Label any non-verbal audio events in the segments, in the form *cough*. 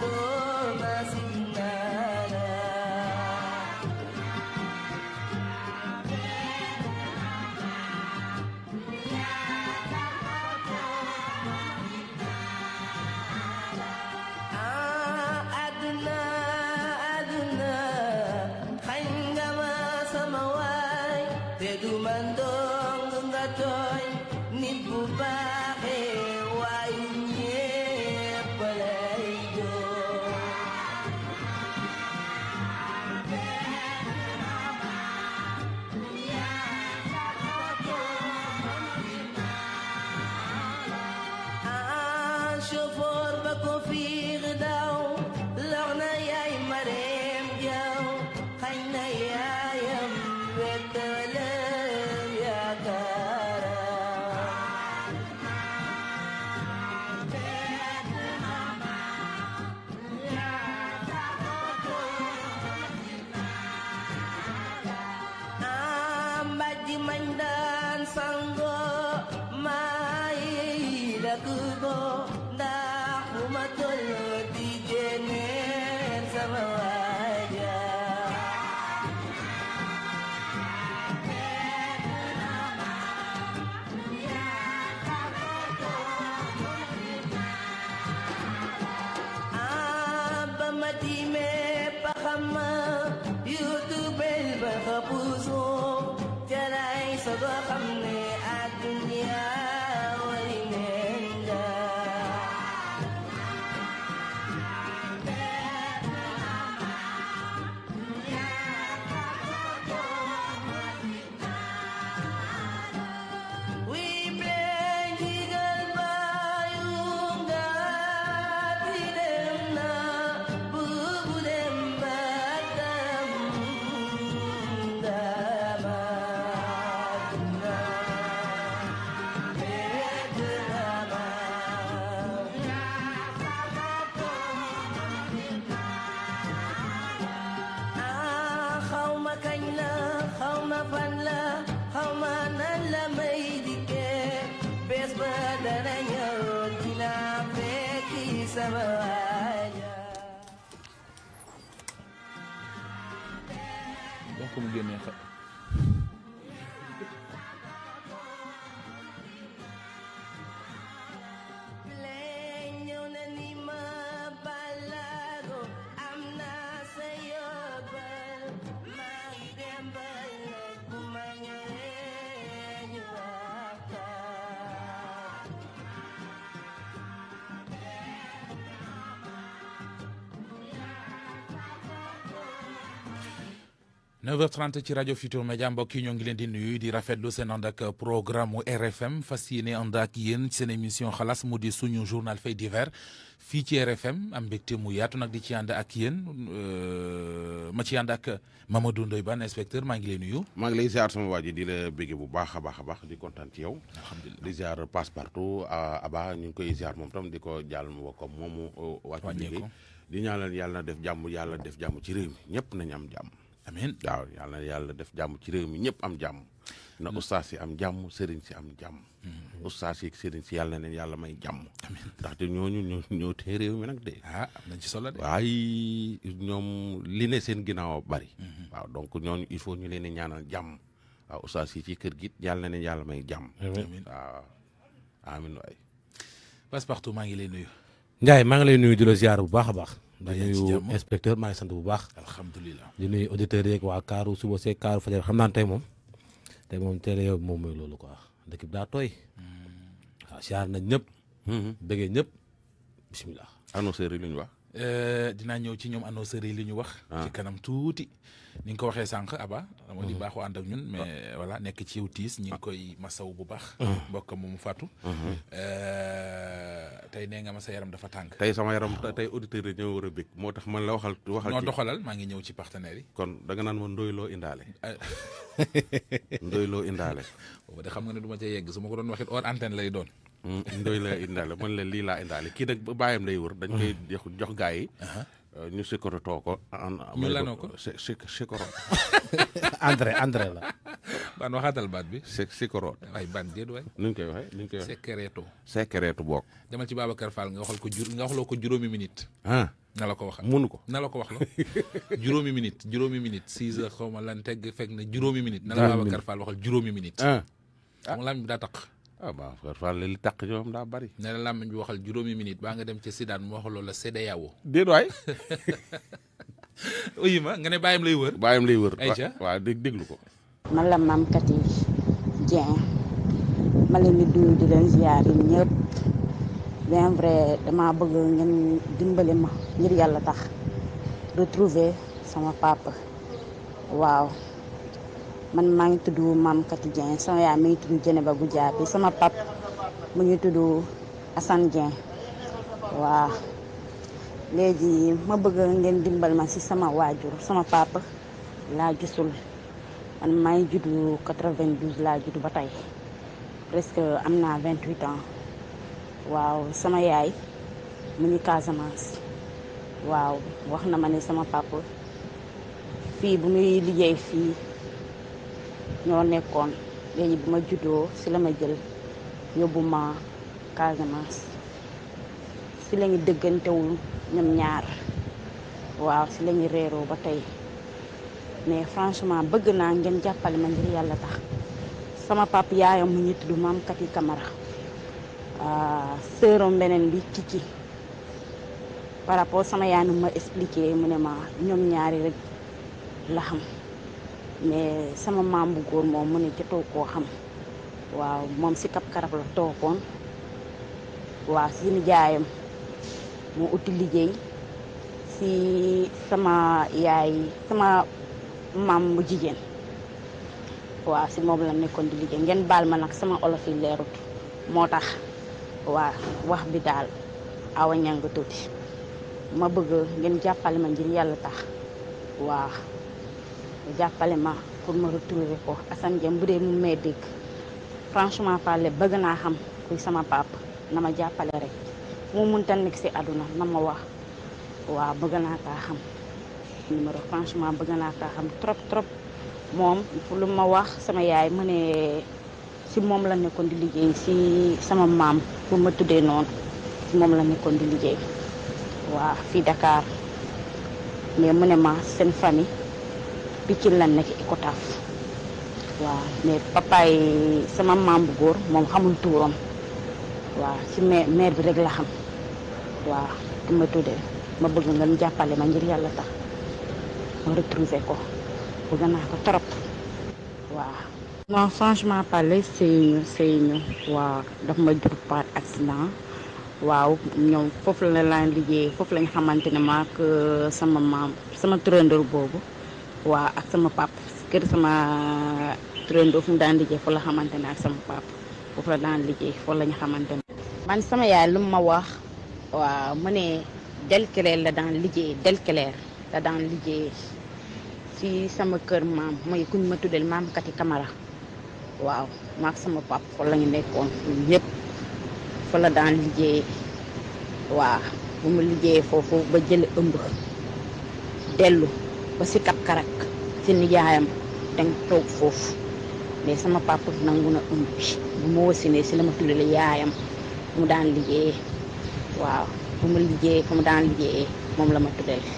더 9h30 ci rajo Futur Media mbokk yi ñoo ngi leen di nuyu di rafetlu seen ànd ak programme mu RFM fas yéene ànd ak yéen seen émission xalaas mu di suñu journal fait divers fii ci RFM am mbégte mu yaatu nag di ci ànd ak yéen euh, ma ci ànd ak Mamadou Ndoye Bane inspecteur maa ngi lay nuyu. maa ngi lay ziar sama waa ji di la béggee bu baax a baax a baax di kontaan ci yow. alhamdulilah di ziar passe partout euh, Aba ñu ngi koy ziar moom tam di ko jaal mu ko moomu. Euh, wàññeeku di ñaanal yàlla def jàmm yàlla def jàmm ci réew mi ñëpp nañu am jàmm. amiin waaw yàlla na yàlla def jàmm ci réew mi ñëpp am jàmm. na mm. ustaas si am jàmm sëriñ si am jàmm. Mm-hmm. ustaas yi sëriñ si yàlla na yàlla may jàmm. amiin ndaxte ñooñu ñoo ñoo réew mi nag de. ah ci solo de. waaye ñoom li ne seen ginnaaw bari. Mm-hmm. waaw donc ñooñu il faut ñu leen di ñaanal jàmm. waaw ci kër gi yàlla na yàlla may jàmm. amiin waaw amiin waay. maa ngi lay nuyu. Ndiaye maa ngi lay nuyu di la ziar bu baax a baax. di nuyu inspecteur maa ngi sant bu baax. alhamdulilah di nuyu auditeurs yeeg waa Kaaru suba see Kaaru fajar xam naa tey moom. te moom teel a moom mooy loolu quoi dëkk bi daa tooy. Hmm. waaw siyaar nañ ñëpp. Hmm. bëggee ñëpp bisimilah. annonceur lu ñu wax. Euh, Dinanya ñëw ci ñoom annonceurs yi li ñu wax. Ah. ci kanam tuuti ni nga ko waxee sànq Aba. moo di mm-hmm. baaxoo ànd ak ñun mais ah. voilà nekk ci yow tiis ñi ngi ah. koy masaw bu baax. mbokk moomu fàttu. Mm-hmm. Euh, tey nee nga ma yaram dafa tàng. tey sama yaram tey auditeurs yi ñoo war a bég moo tax man la waxal. waxal ci noo doxalal maa ngi ñëw ci partenaires yi. kon da nga naan ma ndoyloo indaale. Euh. *laughs* ndoyloo indaale. boobu de xam nga ne du ma cee yegg su ma ko doon waxit antenne lay doon. Mm, ndoy la indaale man la lii laa indaale kii nag bàyyam lay wër dañ koy mm. jox jox gaa yi uh-huh. uh, ñu sécurité ko. ñu lanoo ko sécurité. *laughs* André André la. ban waxaatal baat bi. sé sécurité. waay ban déet waay. nuñ koy waxee nuñ koy waxee. sécréto. sécréto boog. demal ci Babacar Fall nga waxal ko jur nga ko juróomi minute. ah na la ko waxal. mënu ko na la ko wax la *laughs* juróomi minute juróomi minute. six heures xaw ma lan teg fekk na juróomi minute. na la Babacar Fall waxal juróomi minute. ah ah mu ah waaw Kër Fall li tàq ci moom daa bari. nee na làmmiñ bi waxal juróomi minute baa nga dem ca Sidaan mu waxaloo la CEDEAO. déet waay. *laughs* uyu ma nga ne bàyyam lay wër. bàyyam lay wër. ayca waaw dé ko. man la maam Katy Dieng ma leen di nuyu di leen ziar yi ñëpp bien vrai dama bëgg ngeen dimbali ma ngir yàlla tax retrouver sama papa waaw. man maa ngi tudd Mame Kati Dieng sama yaay mi ngi tudd Jeneba Goudiaby sama pap mu ngi tudd Assane Dieng waaw léegi ma bëgg ngeen dimbal ma si sama waajur sama papa laa gisul man maa ngi juddu 92 laa juddu ba tey presque am naa 28 ans waaw sama yaay mu ngi Casamance waaw wax na ma ne sama papa fii bu muy liggéey fii. ñoo nekkoon léegi bi ma juddoo si la ma jël yóbbu ma Casamance si la ñu dëggantewul ñoom ñaar waaw si la ñu réeroo ba tey mais franchement bëgg naa ngeen jàppale ma ngir yàlla tax sama pap yang mu ñu tudd maam yi kamara ah, sëram beneen bi Kiki par rapport sama yaay ma expliqué mu ne ma ñoom ñaari rek la xam mais sama maam bu góor moom mu ne jotoo koo xam waaw moom si kap karab la toogoon waaw si nijaayam mu uti liggéey si sama yaay sama maam bu jigéen waaw si moom la nekkoon di liggéey ngeen baal ma nag sama olof yi leerut moo tax waaw wax bi daal awa ñanga tuuti ma bëgg ngeen jàppale ma ngir yàlla tax waaw jàppale ma pour ma retrouver ko Assane Dieng budé mu may dégg franchement parler bëgg na xam kuy sama pap nama ma rek mo mën tan si ci aduna nama wax wa bëgg na kaa xam numéro franchement bëgg na xam trop trop mom lu ma wax sama yaay mu ci si la nekkon di liggéey si sama mam bu ma tuddé non ci mom la nekkon di liggéey wa fi Dakar mais mu ma seen famille lan nek nekk wa ne mais papaay sama mam bu gor mom xamul touram wa ci mère bi rek la xam wa di ma ma bëgg nga jappalé ma ngir yalla tax ma retrouver ko bu gëna ko torop wa non franchement parler sëyñu sëyñu wa daf ma jur par accident waaw ñoom foofu la laan liggéey foofu lañ xamante ne maak euh, sama maam sama turandër boobu waa ak sama pap keur sama train do fum daan liggéey foofu la xamantene ak sama pap foofu la daan liggéey foofu la ñu xamantene man sama yaay lu ma wax wa mune del clair la daan del clair la daan liggéey ci sama keur mam mooy kuñ ma tuddel mam kati Camara waaw maak sama pap fo la ñu nekkoon yëpp foofu la daan liggéey wa bu mu liggéeyee fofu ba jël ëmb delu ba si kap karak si nijaayam dañ toog foofu mais sama papa nangu na ëmb bi bu ma wasinee si la ma tuddale yaayam mu daan liggéeyee waaw bu ma liggéeyee fa mu daan liggéeye moom la ma tuddale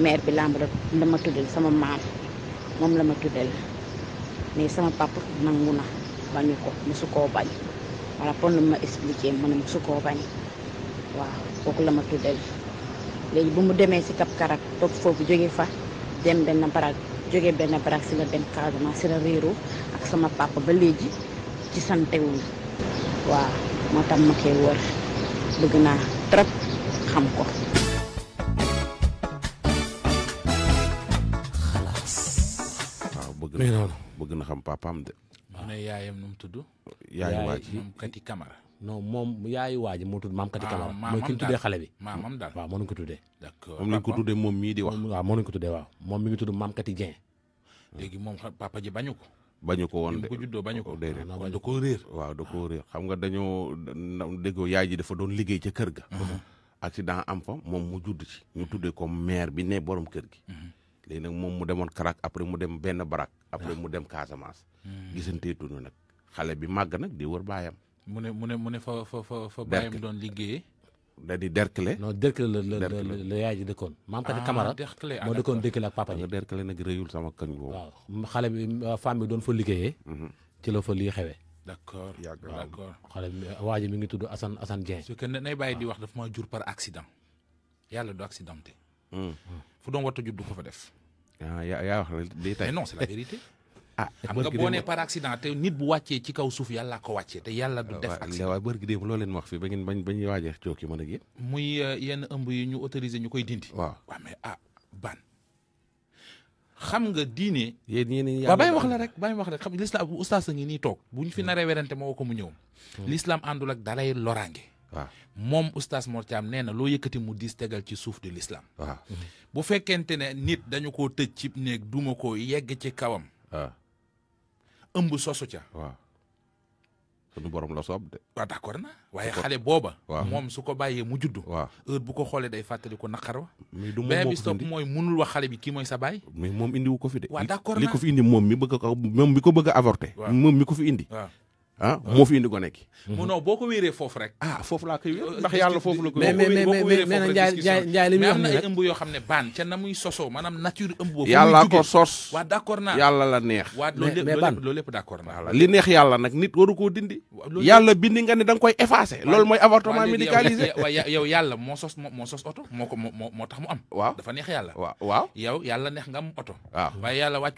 mère bi làmb la ma tuddale sama maam moom la ma tuddale mais sama papa nangu na bañu ko mosu koo bañ wala pon lu ma expliqué ma ne mosu koo bañ waaw kooku la ma tuddale léegi bu mu demee si kap karak toog foofu jóge fa dem benn barak jóge benn barak si la benn Casamance si la réeru ak sama papa ba léegi ci santewuñ waaw moo tax ma koy wër bëgg naa trop xam ko bëgg na xam papaam de mu ne yaayam nu mu tudd yaay waa ji kati kamara non moom yaayu waa ji moo tudd maam kati Camara. Ah, xale bi. maamam daal waaw moo ko tuddee. d'accord moom lañ ko tuddee moom mii di wax. waaw moo nañu ko tuddee waaw moom mi ngi tudd maam kati léegi moom papa ji bañu ko. bañu ko woon de ko juddoo bañu ko oh, déedéet ah, kon koo réer. waaw da koo ah. xam nga dañoo déggoo yaay ji dafa doon liggéey ca kër ga. Uh-huh. accident am fa moom mu judd ci. ñu tuddee ko maire bi ne borom kër gi. Uh-huh. léegi nag moom mu demoon Karak après mu dem benn barak. après mu dem Casamance. Hmm. gisanteetuñu nag xale bi màgg nag di wër baayam mu ne mu ne mu ne fa fa fa fa bàyyam doon liggéey da di Derklé non Derklé la la la yaay ji dëkkoon maam Kati ah, Camara moo dëkkoon Derklé ak papa ji Derklé nag réyul sama kañ boobu waaw xale bi femme bi doon fa liggéeyee mhm. ci la fa lii xewee d' accord d' accord xale bi waa ji mi ngi tudd Assane Assane Dieng su que nay bàyyi di ah. wax daf maa jur par accident yàlla du accidenté mm. fu doon warta jur ko fa def ah, yaa yaa wax la lii *laughs* tey ah xam nga boo nee par accident te nit bu wàccee ci kaw suuf yàlla ko wàccee te yàlla du def accident waaw bërki démb loo leen wax fi ba ngeen bañ bañuy waajee coow ki mën muy euh, yenn ëmb yi ñu autorisé ñu koy dindi waa waaw mais ah ban xam nga diine yéen ñeneen ba bàyyi wax la rek bàyyi wax rek xam l'islam oustaz a ngi nii toog bu ñu fi hmm. naree werante moo ko mu ñëw hmm. l'islam àndul ak dalay loraange waaw moom oustaz Mor Thiam nee na loo yëkkati mu diis tegal ci suuf di lislaam waaw bu fekkente ne nit dañu koo tëj ci néeg duma ko yegg ci kawam ëmb sosu ca. waaw suñu borom la soob de. waaw na waaye xale booba. waaw moom su ko bàyyee mu judd. waaw heure bu ko xoolee day fàttali ko naqar wa. mais du moom moo ko bis mooy munul wax xale bi kii mooy sa baay. mais moom indiwu ko fi de. waaw d'accord li ko fi indi moom mi bëgg ko moom mi ko bëgg a avorter. moom mi ko fi indi. ah moo fi indi gone gi. boo ko wéeree foofu rek. ah foofu laa koy wéer euh, ndax yàlla foofu la ko. mais mais mais mais mais njaay njaay njaay li muy wax nii rek am na xam ne baan ca na muy sosoo maanaam nature ëmb boobu. yàlla d' li neex yàlla nag nit waru dindi. yàlla bindi nga ne da nga koy effacé. loolu mooy avortement médicalisé. waaw yow yàlla moo sos moo sos oto moo ko moo tax mu am. waaw dafa neex yàlla. waaw waaw yow yàlla neex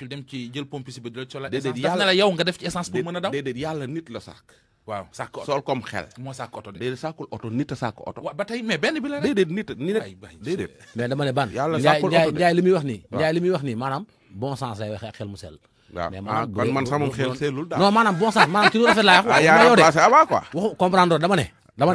dem ci jël pompe si ba def na la yow nga def ci essence pour mën a daw déedéet nit nit la sàkk. waaw sàkk oto sol comme xel. moo sàkk oto de. déedéet sàkkul oto nit a sàkk oto. waaw ba tey mais benn bi la rek. déedéet nit ni rek déedéet. mais dama ne ban. yàlla sàkkul oto de Ndiaye Ndiaye li muy wax nii. waaw Ndiaye li muy wax nii maanaam bon sens lay waxee ak xel mu sell waaw ah kon man sama xel seelul daal non maanaam bon sens maanaam ci lu rafet laay wax. ah yaa ngi passé avant comprendre dama ne. Ah,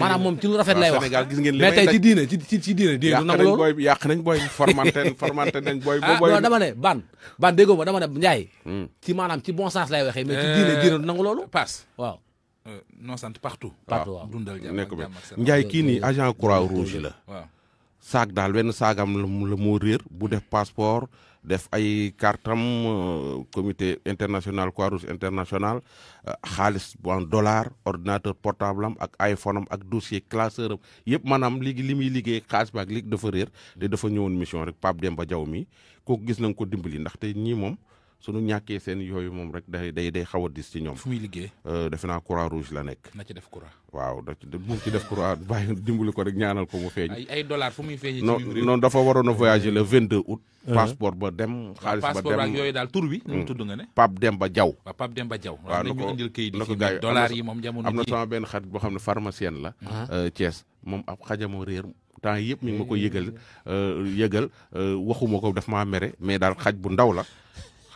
maanaam moom ci lu rafet lay wax mais tey ci diine ci ci diine diine du nangu loolu yàq nañ booy formanté formanté nañ booy ah, booy non dama ne ban ban déggoo ma dama ne Ndiaye hmm. ci maanaam ci bon sens lay waxee mais ci euh, diine diine du nangu loolu euh, passe waaw euh, non sant partout bi Ndiaye kii nii agent croix rouge la waaw saag daal benn saagam la moo réer bu def passeport def ay kartam euh, comité international Croix-Rouge international euh, xaalis bu en dollar ordinateur portable am ak iPhone am ak dossier classeur am yëpp maanaam léegi li muy liggéey xaalis ba ak léegi dafa réer te dafa ñëwoon mission rek Pape Demba Diaw mi ko gis nañ ko dimbali ndaxte ñii moom suñu ñàkkee seen yooyu moom rek day day day xaw dis ci ñoom. fu muy liggéey. Euh, defe naa croix rouge la nekk. na ci def croix. waaw da mu ngi def croix bàyyi dimbali ko rek ñaanal ko mu feeñ. ay ay dollars fu muy feeñee. ci non dafa waroon a voyager le 22 août. Euh. passeport ba dem. Euh, xaalis ba dem passeport ak yooyu daal tur bi. nu mu mm. tudd nga ne. Pape Demba Diaw. waaw Pape Demba Diaw. waaw na ko na ko moom am na sama benn xarit boo xam ne pharmacienne la. Ah. Thiès moom ab xajamoo réer. temps yëpp mi ngi ma ko yëgal yëgal waxuma ko daf ma mere mais daal xaj bu ndaw la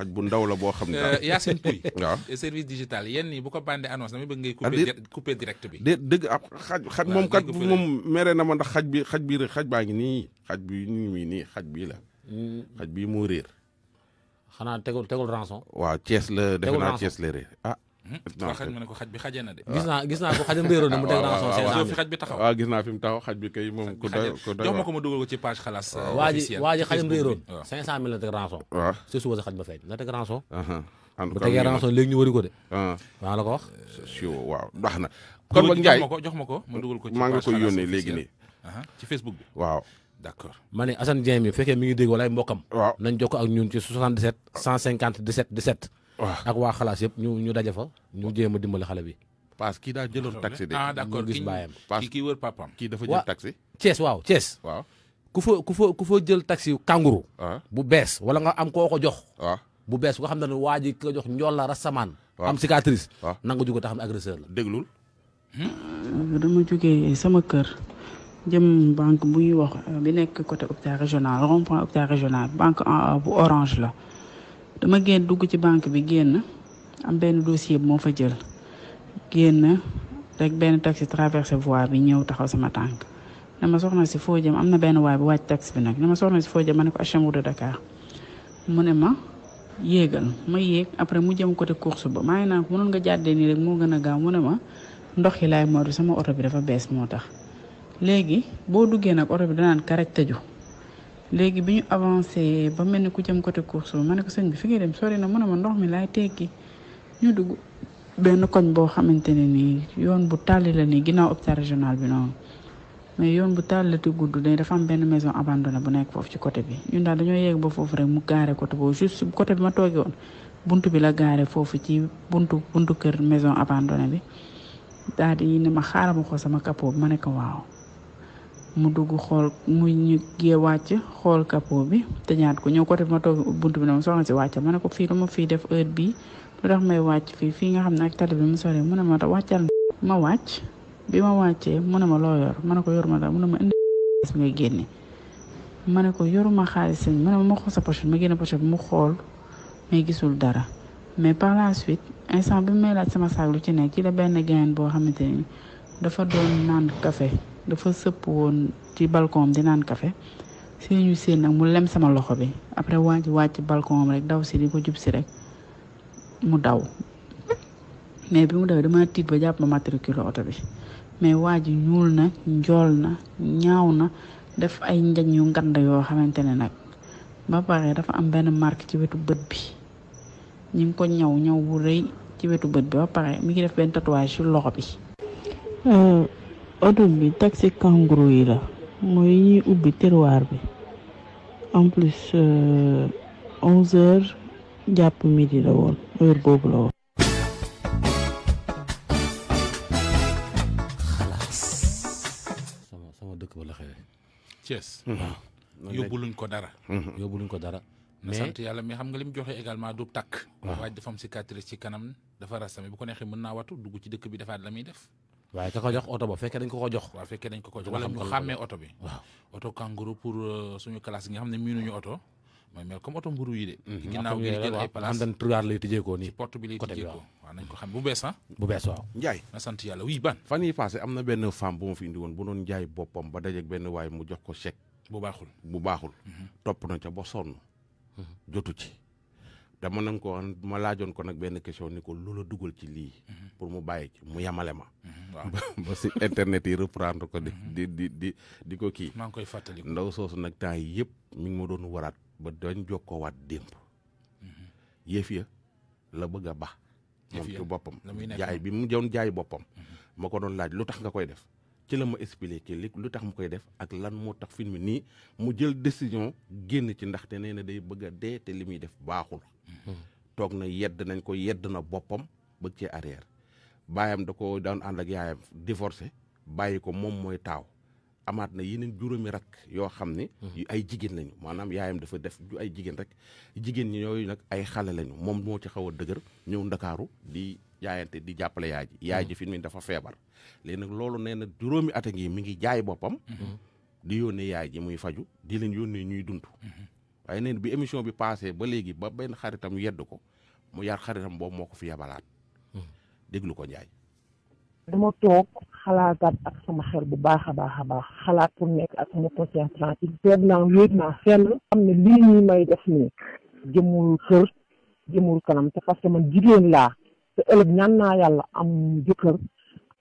xaj bu ndaw la boo xam ne. Euh, Yacine Pouy. *laughs* waaw service digital yenn ni bu ko bande annonce damay bëgg ngay. Ah, couper couper direct bi. de dëgg ab ah, xaj xaj moom kat moom mere na ma ndax xaj bi xaj bi xaj baa ngi nii xaj bi ñu ngi nii xaj bii la. Hmm. xaj bii moo réer. xanaa tegul tegul rançon. waaw Thiès la defe naa Thiès la réer ah. Hmm? waaw xaj xaj bi xajee na de. gis naa ko xaj mbéyoo mu teg naa son bi xaj bi taxaw. waaw ah, gis naa mu taxaw jox ma ko ma dugal ko ci page xalaas. na ah, euh, 500000 la teg rançon. waaw si suba sa xaj teg rançon. Ah, en tout cas ko de. waaw la ko euh, waaw ndax kon jox ma ko jox ma ko ma dugal ko ci page xalaas maa nga koy yónnee léegi Facebook bi waaw. d' accord ma ne mi ngi dégg wala mbokkam. waaw nañ ak ñun ci 77 150 17 17 ak wa xalaas yep ñu ñu dajé fa ñu jéem dimbali xalé bi parce ki da daa taxi dé ah d'accord gis bàyyam wër papam kii dafa jël taxi ties waaw ties waaw ku fa ku fa ku fa jël taxi kanguru ah. bu bes wala nga am koko jox ah. bu bes bu nga xam ne waa ji jox ñol la rasaman ah. am cicatrice waaw nanga jugo ta xam agresseur la déglul dama jógee sama kër jëm banque bu ñuy wax bi nekk côté hôpital régional rond point hôpital régional banque bu orange la dama génn dugg ci banque bi génn am benn dossier bu moo fa jël génn rek benn taxi traversé voie bi ñëw taxaw sama tànk ne soxna si foo jëm am na benn waay bu wàcc taxi bi nag ne ma soxna si foo jëm ma ne ko HMO de Dakar mu ne ma yéegal ma yéeg après mu jëm côté course ba maa ngi naan ko mënoon nga jàddee nii rek moo gën a gaaw mu ne ma ndox yi laay moytu sama oto bi dafa bees moo tax léegi boo duggee nag oto bi danaan karaj tëju léegi bi ñu avancé ba mel ni ku jëm côté course ba ma ne ko sëñ bi fi ngay dem sori na mu ne ma ndox mi laay teggi ñu dugg benn koñ boo xamante ne nii yoon bu tàlli la nii ginnaaw hôpital régional bi noonu mais yoon bu taal la te gudd dañ dafa am benn maison abandonnée bu nekk foofu ci côté bi ñu daal dañoo yegg ba foofu rek mu gaare côté boobu juste côté bi ma toogee woon buntu bi la gaare foofu ci buntu buntu kër maison abandonnée bi daal di ne ma xaaral ma ko sama capot ma ne ko waaw. mu dugg xool mu ñu gee wàcc xool kapo bi tëjaat ko ñëw côté bi ma toog buntu bi ne ma soxna si wàccal ma ne ko fii lu ma fii def heure bii lu tax may wàcc fii fii nga xam ne ak tali bi mu sore ma ta wàccal ma wàcc bi ma wàccee mu loo yor ma ko yor ma dara mu ma indi xaalis ngay génne ma ne ko yoruma xaalis sañ mu ne ma ma xool sa pochette ma génne pochette mu xool may gisul dara mais par la suite instant bi may laaj sama saag lu ci nekk ci la benn gain boo xamante ni dafa doon naan kafe dafa sëpp woon ci balcon di naan kafe si ñu séen nag mu lem sama loxo bi après waa ji wàcc balkon am daw si di ko jub si rek mu daw mais bi mu dawee dama tiit ba jàpp ma matricule oto bi mais waa ji ñuul na njool na ñaaw na def ay njañ yu ngand yoo xamante ne nag ba pare dafa am benn marque ci wetu bët bi ñu ngi ko ñaw ñaw bu rëy ci wetu bët bi ba pare mi ngi def benn tatouage ci loxo bi. Euh, oto bi taxi kangourou yi la mooy ñuy ubbi tiroir bi en plus euh, onze heures jàpp midi la woon heure boobu la woon xalaas sama dëkk ba la xewee Thiès waaw yóbbuluñ ko dara luñ ko dara mhm. mais sant yàlla mais xam nga li mu joxe également du takk waaj dafa am cicatrice ci kanam dafa rasame bu ko neexee mën naa watu dugg ci dëkk bi defaat la muy def waaye ka ko oto ba fekkee dañ ko ko jox waaw fekkee dañ ko ko jox wala ñu xàmmee oto bi waaw oto kangourou pour euh, suñu classe nga xam ne miinuñu oto mooy mel comme oto mburu yi de mhm. ginnaaw gi jël ay place dan tiroir lay tijjee ko nii porte ko waaw nañ ko xam bu bees ah bu bees njaay na sant yàlla oui ban fan yi passé am na benn femme bu ma fi indi woon bu doon jaay boppam ba dajeeg benn waay mu jox ko chèque bu baaxul bu baaxul mhm. topp na ca ba sonn mhm. jotu ci dama nañ ko wax ma laajoon ko nag benn question ni ko la dugal ci lii. Mhm. pour mu bàyyi ci mu yemale ma. Mhm, *laughs* ba si internet yi reprendre ko. Mhm. di di di di ko kii. maa ngi koy fàttali ndaw soosu nag temps yi yëpp mi ngi ma doon waraat ba dañ jokkoowaat démb. yëf ya la bëgg a ba. moom ci boppam jaay bi mu doon jaay boppam. ma ko doon laaj lu tax nga koy def. ci la ma expliqué li lu tax mu koy def ak lan moo tax film nii mu jël décision génn ci ndaxte nee na day bëgg a dee te li muy def baaxul. Mhm. toog na yedd nañ ko yedd na boppam bëgg cee arrière baayam da ko daan ànd ak yaayam divorcé bàyyi ko moom mooy taaw amaat na yeneen juróomi rak yoo xam ne. Mhm. ay jigéen lañu maanaam yaayam dafa def ay jigéen rek jigéen ñi yooyu nag ay xale lañu moom moo ci xaw a dëgër ñëw ndakaaru di. jaayante di jàppale yaay ji yaay hmm. ji fi mu dafa feebar léegi loolu nee na juróomi ngi mi ngi jaay boppam hmm. di yónnee yaay ji muy faju di leen yónnee ñuy dund hmm. waaye neen bi émission bi passé ba léegi ba benn xaritam yedd ko mu yar xaritam boobu moo ko fi yabalaat déglu ko njaay dama toog xalaataat ak sama xel bu baax a baax a baax xalaat pour nekk ak sama conscience tranquille seet naa wéet naa fenn xam ne lii may def nii jëmul kër jëmul kanam te man jigéen laa te ëllëg ñaan naa yàlla am jëkkër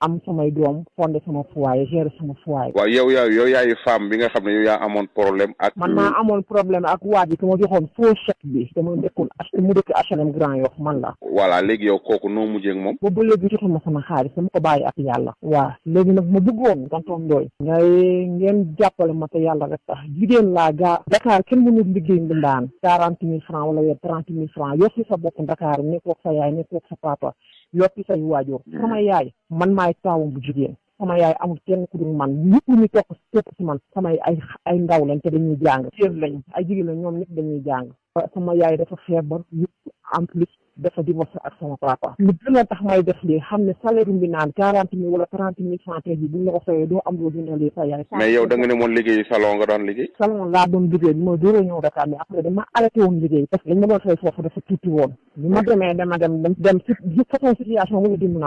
am samay doom fondé sama foyer gérer sama foyer. waaw yow yaa yow yaayu femme bi nga xam ne yow yaa amoon problème ak. man maa amoon problème ak waa ji ku ma joxoon faux chèque bi. dama dëkkul mu dëkk HLM Grand Yoff man la. voilà léegi yow kooku noo mujjee ak moom. ba ba léegi joxul ma sama xaalis dama ko bàyyi ak yàlla. waa léegi nag ma bëggoon tonton Ndoye. ngay ngeen jàppale ma te yàlla rek tax jigéen laa gaa. Dakar kenn mënul liggéey mbindaan. quarante mille franc wala weer trente mille franc yor si sa bopp Dakar nekkoog sa yaay nekkoog sa papa. yoppi say waajur sama yaay man maay taawam bu jigéen sama yaay amul kenn ku dul man ñëpp ñu topp si man samay ay ay ndaw lañ te dañuy jàng séer lañ ay jigéen lañ ñoom ñëpp dañuy jàng sama yaay dafa feebar yëpp en plus dafa divorcé ak sama papa lu gën a tax may def lii xam ne salaire bi naan quarante mille wala trente mille franc tey bu ñu fayee doo am loo jëndalee sa yaay mais yow da nga ne moon liggéey salon nga doon liggéey salon laa ñëw Dakar mais après dama arrêté woon liggéey parce que lañ ma doon fay foofu dafa tuuti woon bi ma demee dama dem dem si façon situation wala dim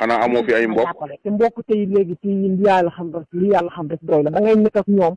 xanaa amoo fi ay mbokk te mbokk tey léegi ci li yàlla xam rek li yàlla xam rek doy la da ngay ñoom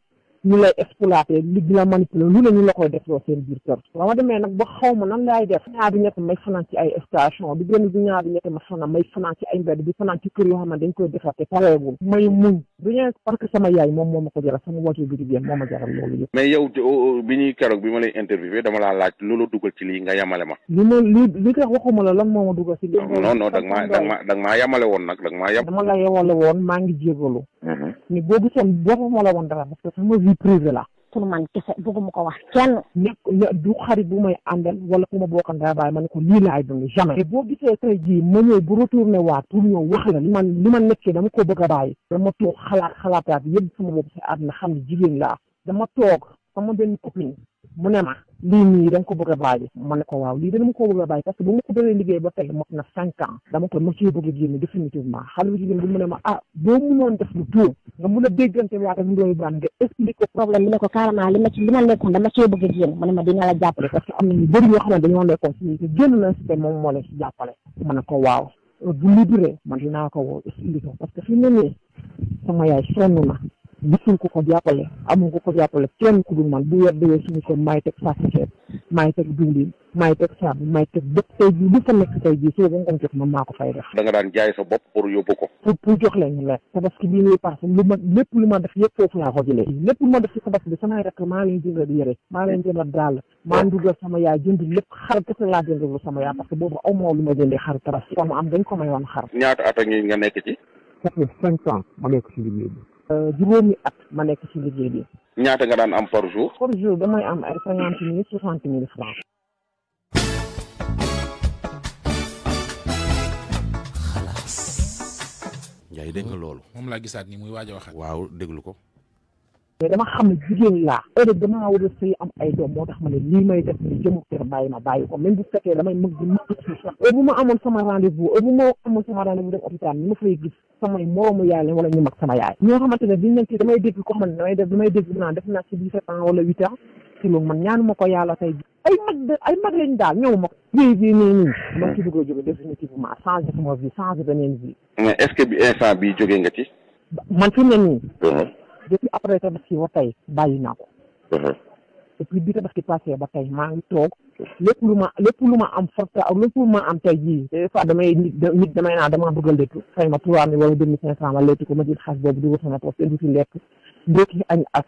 ñu lay exploité li la manipulé lu ne ñu la koy defloo seen biir kër ba ma demee nag ba xaw ma nan laay def ñaar bi ñett may fanaan ci ay station bi gën bi ñaar bi ñett ma fanaan may fanaan ci ay mbedd bi fanaan ci kër yoo xam ne dañ koy defar te pareegul may muñ rien sama yaay moom moo ma ko jaral sama wàccu bi jigéen moo ma jaral loolu yëpp mais yow oh, oh, bi ñuy keroog bi ma lay interviewé dama laa laaj loolu dugal ci lii nga yamale ma li ma li li tax waxuma la lan moo ma dugal ci lii non non danga maa danga maa danga maa yamale woon nag danga maa yam dama la yamale woon maa ngi jégalu Mm-hmm. mais boo gisoon boobu moo la woon dara parce que sama vie la. pour man kese bëgguma ko wax kenn. nekk du xarit bu may àndal wala ku ma bokk ndaa baay ma ne ko lii laay dund jamais. mais boo gisee tey jii ma ñëw bu retourné waat pour ñëw wax la li man li ma nekkee ko bëgg a bàyyi. dama toog xalaat xalaataat yëpp sama bopp si àdduna xam ne jigéen laa. dama toog sama benn copine. mu ne ma lii nii da nga ko bëgg a bàyyi ma ne ko waaw lii dama ko bëgg a bàyyi parce que bu ma ko bëree liggéey ba tey mot na cinq ans dama ko ma cee bëgg a génn définitivement xale bu jigéen ne ma ah boo munoon def lu tuub nga a déggante waata mu doon baan nga expliqué problème ne ko carrément li ma ci li ma nekkoon dama génn mu ne ma la jàppale parce que am na ñu bëri ñoo xam ne dañoo jàppale ma parce que fi mu nii sama yaay sonn na gisul ku ko jàppale amul ku ko jàppale kenn ku dul man bu weer dewee suñu ko maay teg sàcc ceeb maay teg lu fa nekk tey jii ko jot man maa ko def. da nga ko. pour ma lépp lu ma def yëpp laa ko jëlee. lépp lu ma def ci tabaski bi samay rakk maa leen jëndal yére daal maa ndugal sama yaay jënd lépp xar kese laa jëndal sama yaay parce que boobu aw ma lu ma jëndee xar tabaski. sama am dañ ko mayoon xar. ñaata at a ngi nga nekk ci. ça cinq ans ma nekk ci liggéey bi Euh, juróomi at ma nekk ci liggéey bi. ñaata nga daan am par jour. par jour damay am ay cinquante mille soixante mille francs. xalaas. Ndiaye dégg nga loolu. moom laa gisaat ni muy waaj a waxaat. waaw déglu ko. mais dama xam ne jigéen laa ëllëg damaa war a sëy am ay doom moo tax ma ne lii may def ni jëmu kër bàyyi ma bàyyi ko même bu fekkee damay mëg di mëg ci sax heure bu ma amoon sama rendez-vous heure bu amoon sama rendez-vous dem hôpital ni ma fay gis samay moroomu yaay lañ mag sama yaay ñoo xamante ne biñ nekk damay dégg ko xamante ne damay def damay dégg naan def naa ci dix-sept ans wala huit ans ci loolu man ñaanu ma ko yàlla tey ay mag ay mag lañ daal ñëw ma ko yooyu bii a jóge définitivement changé sama vie changé beneen vie mais est-ce que bi instant bi jógee nga ci depuis après tabaski ba tey bàyyi naa ko. Mhm. depuis bi tabaski passé ba tey maa ngi toog lépp lu ma lépp lu ma am forta ak lépp lu ma am tey jii des fois damay nit damay naa damaa bëgg a léttu fay ma trois mille wala deux mille cinq cent ma léttu ko ma jël xaalis boobu dugal sama poche indi fi lekk ndékki añ ak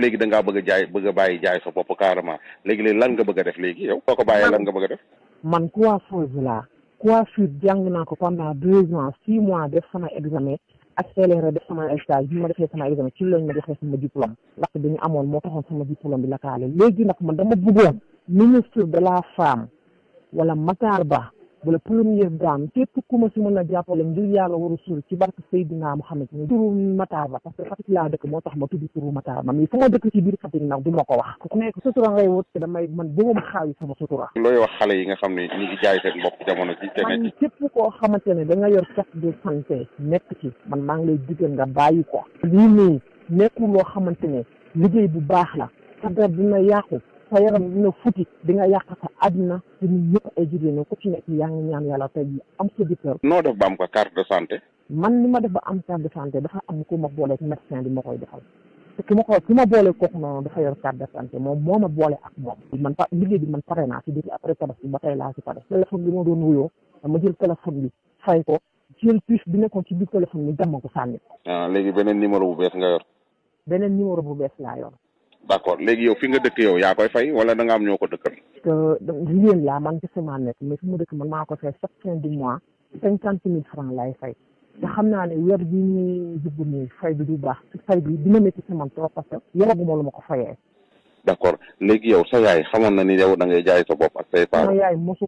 léegi da ngaa jaay bëgg bàyyi jaay sa bopp carrément léegi léegi lan nga bëgg a def léegi yow soo ko bàyyee lan nga bëgg a def man coiffeuse laa coiffure jàng naa ko pendant deux ans six mois def sama examen accéléré def sama stage bi ma defee sama examen ci lañ ma joxee sama diplôme ndaxte dañu amoon moo taxoon sama diplôme bi la kaale léegi nag man dama bëggoon ministre de la femme wala Matar Ba wala première dame képp ku ma si mën a jàppale ngir yàlla war a suul ci barke Seydina Mouhamed ne turu Matarba parce que Fatick laa dëkk moo tax ma tudd turu Matarba mais fu ma ma ko wax ku nekk sutura ngay wut damay man boobu ma xaawi sama sutura yi nga xam ne ñi man képp koo xamante ne da nga yor carte de santé nekk ci man maa ngi lay digal nga bàyyi ko lii nii nekkul loo xamante ne liggéey bu baax la sa dara dina yàqu sa yaram dina futi di nga yàq sa àddina te ñun ñëpp ay jigéen ñi ku ci nekk yaa ngi ñaan yàlla tey am sa docteur. noo def ba am ko carte de santé. man li ma def ba am carte de santé dafa am ku ma booleeg médecin bi ma koy defal te ki ma ko ki ma boolee kooku noonu dafa yor carte de santé moom moo ma boole ak moom. man pa liggéey bi man pare naa si depuis après tabaski ba tey laa si bi ma doon wuyoo dama jël téléphone bi fay ko jël puce bi nekkoon ci biir téléphone bi dem ma ko sànni. ah léegi beneen numéro bu bees nga yor. beneen numéro bu d' accord léegi yow fi nga dëkk yow yaa koy fay wala da nga am ñoo ko dëkkal. Euh, jigéen laa man kese maa nekk mais fi dëkk man maa ko fay chaque fin du mois cinquante mille franc laay fay te xam naa ne weer bi ñuy jubbu nii fay bi du baax fay bi dina métti si trop parce que yoraguma lu ma ko fayee. d' accord léegi yow sa yaay yow da ngay jaay sa bopp ak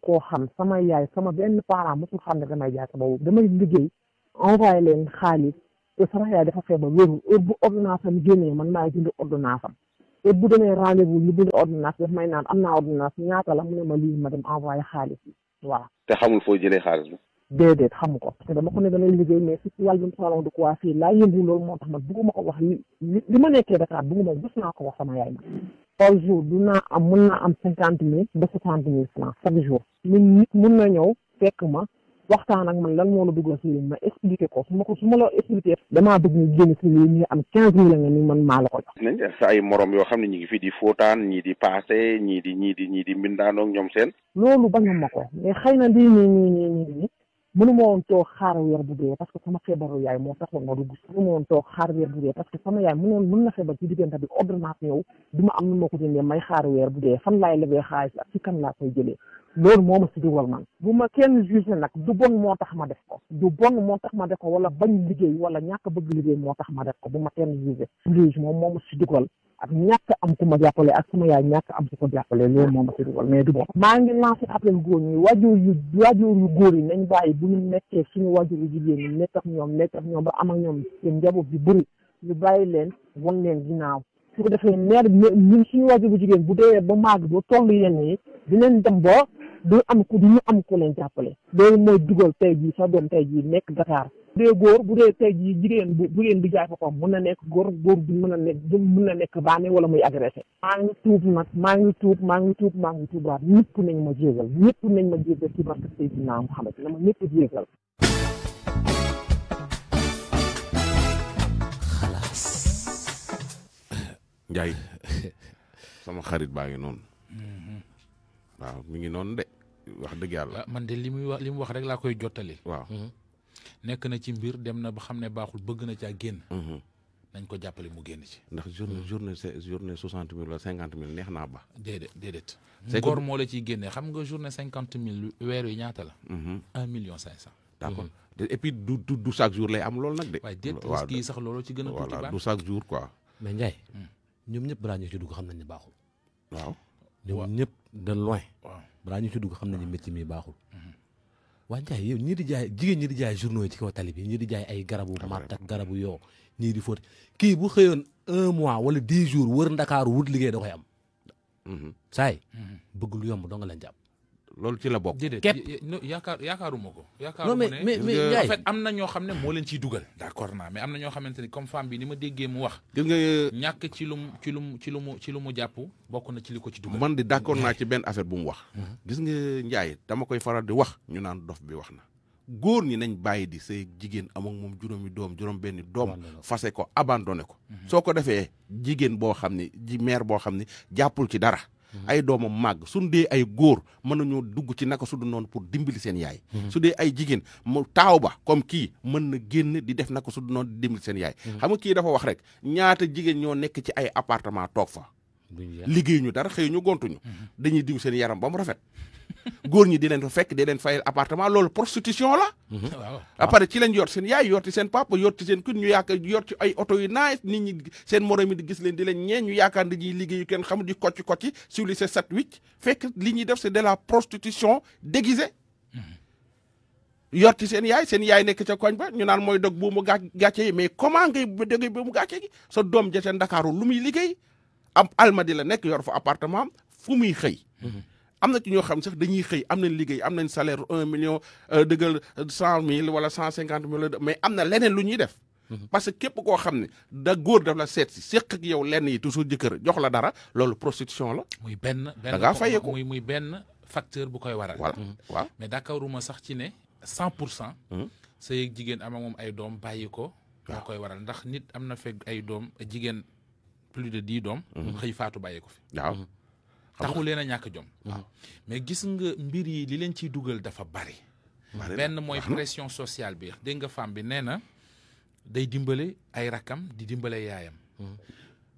koo xam sama yaay sama benn parent mosul xam ne damay jaay sa bopp damay liggéey envoyé leen xaalis te sama yaay dafa feebar wéru heure bu ordonnance am génnee man maay jënd ordonnance te bu demee rendez vous lu bind ordonnance daf may naan am naa ordonnance ñaata la mu ne ma lii ma dem envoyé xaalis bi voilà. te xamul foo jëlee xaalis bi. déedéet xamu ko parce que dama ko ne damay liggéey mais si ci wàllum salon de coiffure laa yëngu loolu moo tax man bugguma ko wax li li ma nekkee Dakar bugguma gis naa ko wax sama yaay ma. par jour dinaa am mun naa am cinquante mille ba soixante mille francs chaque jour. nit nit mun na ñëw fekk ma. waxtaan ak man lan moo la duggoon si lii ma expliqué ko su ma ko su ma la expliqué damaa bëgg ñu génn si lii am quinze mille nga ni man maa ko jox yoo xam ne ñi ngi fii di footaan ñii di passé ñii ma ko mais xëy na lii nii nii nii nii nii mënu ma woon toog xaar weer bu dee parce que sama feebaru yaay moo taxoon ma dugg mënu ma woon xaar weer bu dee parce que sama yaay mënoon na feebar ci diggante bi ordonnance ñëw du ma am nu ma ko jëndee may xaar weer bu dee fan laay lebee xaalis ak ci kan laa koy jëlee loolu moo ma si dugal man bu ma kenn jugé nag du bon moo tax ma def ko du bon moo tax ma def ko wala bañ liggéey wala ñàkk bëgg liggéey moo tax ma def ko bu ma kenn jugé juge moom moo ma si dugal ak ñàkk am ku ma jàppale ak suma yaay ñàkk am ku ko jàppale loolu moo ma si dugal mais du bon maa ngi lancé appel yu góor yi nañ bàyyi bu ñu nekkee suñu wajur yu jigéen ñi nekk ak ñoom nekk ak ñoom ba am ak ñoom seen njaboot bi bëri ñu bàyyi leen wan leen ginnaaw su ko defee mère ñun suñu wajur bu jigéen bu dee ba màgg ba toll yenn yi dinañ dem ba du am ku du ñu am ku leen jàppale loolu mooy dugal tey jii sa doom tey jii nekk Dakar bu dee góor bu dee tey jii jigéen bu jigéen bi jaay boppam mun na nekk góor góor bi mën a nekk mën na nekk baane wala muy agressé maa ngi tuub nag maa ngi tuub maa ngi tuub maa ngi tuubaat ñëpp nañ ma jégal ñëpp nañ ma jégal ci barke Seydina Muhammad na ma ñëpp jégal xalaas Njaay sama xarit baa ngi noonu mm-hmm. waaw mi ngi noonu de wax dëgg yàlla. Ah, man de li muy wax li mu wax rek laa koy jottali. waaw mhm. nekk na ci mbir dem na ba xam ne baaxul bëgg na caa génn. Mhm. nañ ko jàppale mu génn ci. ndax journée mhm. journée journée soixante mille wala cinquante mille neex naa ba. déedéet déedéet. ngor moo la ciy génnee xam nga journée cinquante mille weer wi ñaata la. un million cinq cent. d'accord et puis du chaque jour lay am loolu nag de. waaye déet risque sax looloo ci gën a tuuti baax du chaque jour quoi. mais ñoom ñëpp balaa ñoo ci dugg xam nañ ne baaxul. waaw ñoom ñëpp. de loin. waaw balaa ñu ci dugg xam nañu métier mi baaxul. Mhm. waa Ndiaye yow ñii di jaay jigéen ñi di jaay journaux yi ci kaw tali bi ñii di jaay ay garabu matt ak garabu yo ñii di fóot kii bu xëyoon mois wala dix jours wër ndakaaru wut liggéey da koy am. Mhm. saay mhm. bëgg lu yomb dong lañ jàpp. loolu ci la bokk. képp yaakaar yaakaaruma ko. yaakaaruma ne mais am na ñoo xam ne moo leen ciy dugal. d'accord naa mais am na ñoo xamante ni comme femme bi ni ma déggee mu wax. gis nga euh, ñàkk ci lu mu ci lu mu ci lu mu ci lu mu jàpp bokk na ci li ko ci dugal. man di d'accord naa ci benn affaire bu wax. Mhm. gis nga Ndiaye dama koy faral di wax. ñu naan dof bi wax na. góor ñi nañ bàyyi di sey jigéen am ak moom juróomi doom juróom benn doom fase ko abandonné ko. Mhm. soo ko defee jigéen boo xam ne ji boo xam ne jàppul ci dara. Mm-hmm. ay doomam màgg suñ dee ay góor mën nañoo dugg ci naka su du noonu pour dimbali seen yaay mm-hmm. su dee ay jigéen mu taaw ba comme kii mën na génn di def naka su du noonu di dimbali seen yaay mm-hmm. xam kii dafa wax rek ñaata jigéen ñoo nekk ci ay appartement toog fa liggéey ñu dara xëy ñu gontuñu dañuy diw seen yaram ba mu rafet goor ñi di leen fekk di leen fayal appartement loolu prostitution la. waaw après ci lañ yor seen yaay yor ci seen papa yor ci seen kun ñu yaaka yor ci ay auto yu naaj nit ñi seen morom yi di gis leen di leen ñee ñu yaakaar dañuy liggéey yu kenn xamul di kocc kocc sur li c'est sept huit fekk li ñuy def c'est de la prostitution déguisée. Hmm. yor ci seen yaay seen yaay nekk ca koñ ba ñu naan mooy dog bu mu gàcce yi mais comment ngay dogee bu mu gàcce gi sa doom ja ca Ndakaaru lu muy liggéey am alma di la nekk yor fa appartement fu muy xëy. Hmm. am na ci ñoo xam sax dañuy xëy am nañ liggéey am nañ salaire un million euh, dëggal cent mille wala cent cinquante mille mais am na leneen lu ñuy def. Mhm. parce que képp koo xam ne da góor daf la seet si séq yow lenn yi toujours jëkkër jox la dara loolu prostitution la. muy benn benn da ngaa fayee muy benn facteur bu koy waral. voilà mhm. waaw mais d'accorduma sax ci ne. cent pour cent. Mhm. sa jigéen am moom ay doom bàyyi ko. moo koy waral ndax nit am na feeg ay doom jigéen plus de dix doom. xëy faatu bàyyi ko fi. waaw taxu leen a ñàkk jom mais gis nga mbir yi li leen ciy dugal dafa bari benn mooy pression sociale bi dégg nga femme bi nee na day dimbale ay rakkam di dimbale yaayam hmm.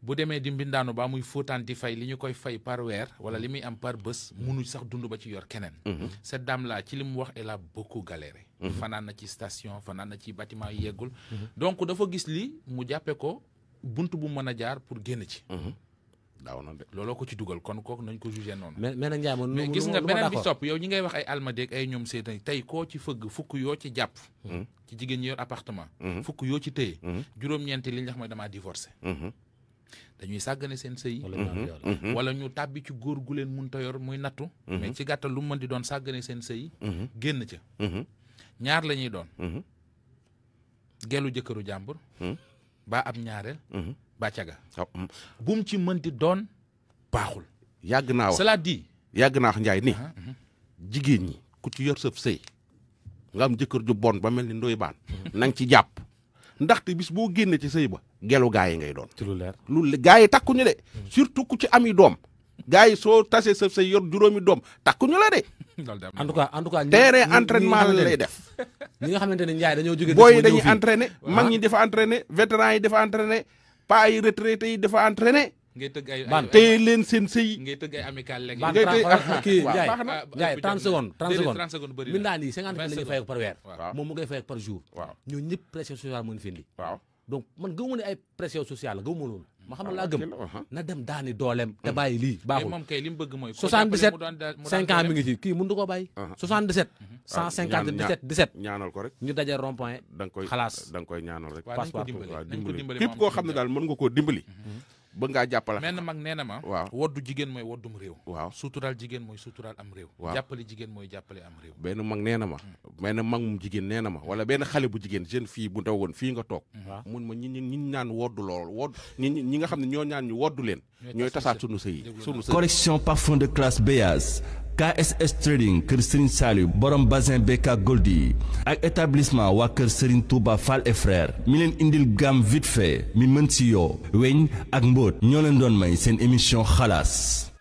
bu demee di mbindaanu ba muy fóotaan di fay li ñu koy fay par weer wala li muy am par bés hmm. munu sax dund ba ci yor keneen hmm. cette dame ci li mu wax elle a beaucoup galéré fanaan na ci station fanaan na ci bâtiment yeggul donc dafa gis li mu jàppe ko bunt bu mën a jaar pour génn ci daaw na looloo ko ci dugal kon kooku nañ ko jugé noonu. mais mais nag Ndiaye man gis nga beneen bi topp yow ñi ngay wax ay almadeeg ay ñoom seetaan tey koo ci fëgg fukk yoo ci jàpp. Hmm. ci jigéen ñi yor appartement. Hmm. fukk yoo ci téye. Hmm. juróom-ñeenti li ñu wax mooy damaa divorcé. dañuy sàggane seen sëy wala ñu tàbbi ci góor gu leen munta yor muy nattu. mais ci gàttal lu mën di doon sàggane seen sëy génn ca. ñaar la doon. gelu jëkkëru jàmbur. ba ab ñaareel. Bàccaga oh, mm. bu mu ci mënti don baxul. Yag na wax cela dit. yag na wax Ndiaye ni uh-huh, uh-huh. Jigen ni ku ci yor seuf sey. nga am jeuker ju bon ba melni ndoy ban. Uh-huh. Nang ci japp. Ndax te bis bo génnee ci sey ba gelu gaay ngay don. ci lu leer lu gaay yi ñu le. surtout ku ci ami dom. Gaay so tassé seuf sey sëy juromi dom, takku ñu la de. *laughs* en tout cas en tout cas. terrain entraînement lay def. ñi nga xamante ne dañu dañoo jógee. booy dañuy entraîné mag ñi def entraîner, vétéran yi def entraîner. paa yi retraité yi dafa entraîné. ngay tëgg ay ban téye leen seen ban kii Ndiaye Ndiaye yi 50 mille fay par weer. moom mu ngay fay par jour. waaw ñooñu ñëpp pression sociale moo ñu fi indi. waaw donc ay pression sociale la gëmuma ma xamal ah, laa gëm uh-huh. na dem daani dooleem. te mm. bàyyi lii baaxul moom kay li mu bëgg mooy. 77 50 mi ngi ci kii mënut ko bàyyi. 77. Uh-huh. Uh-huh. ah 150 17 17. ko rek ñu daje rond point. da nga rek. passeport waaw nañ ko koo xam ne daal mën nga koo dimbali. Mm-hmm. bëgg ngaa jàppale menn mag nee na ma waaw woddu jigéen mooy woddum réew waaw suturaal jigéen mooy suturaal am réew waaw jàppale jigéen mooy jàppale am réew benn mag nee na ma mm. benn mag mum jigéen nee na ma wala benn xale bu jigéen jeune fii bu ndaw woon fii nga toog mm. mun ma ñi ñi ñaan woddu lool wodd ñi ñi nga xam ne ñoo ñaan ñu woddu leen ñooy tasaat sunu sëy sunu sëy collection parfum de classe Béas KSS Trading, Ker Serin Salou, Borom Bazin Beka Goldi, ak etablisman wak Ker Serin Touba Fal Efrer, milen indil gam vit fe, mil men si yo, wen ak mbot, nyo len donmen sen emisyon khalas.